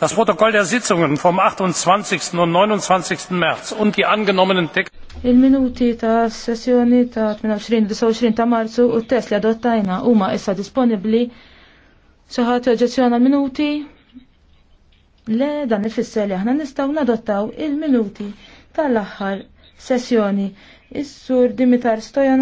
Das Protokoll der Sitzungen vom 28. und 29. März und die angenommenen Texte. Il-minuti ta' sessjoni ta' 28-29 ta' marzu u test li adottajna huma issa disponibbli. Soħat oġezzjona minuti. Le dan ifisser li aħna nistgħu nadottaw il-minuti tal-aħħar sessjoni. Is-sur Dimitar Stojan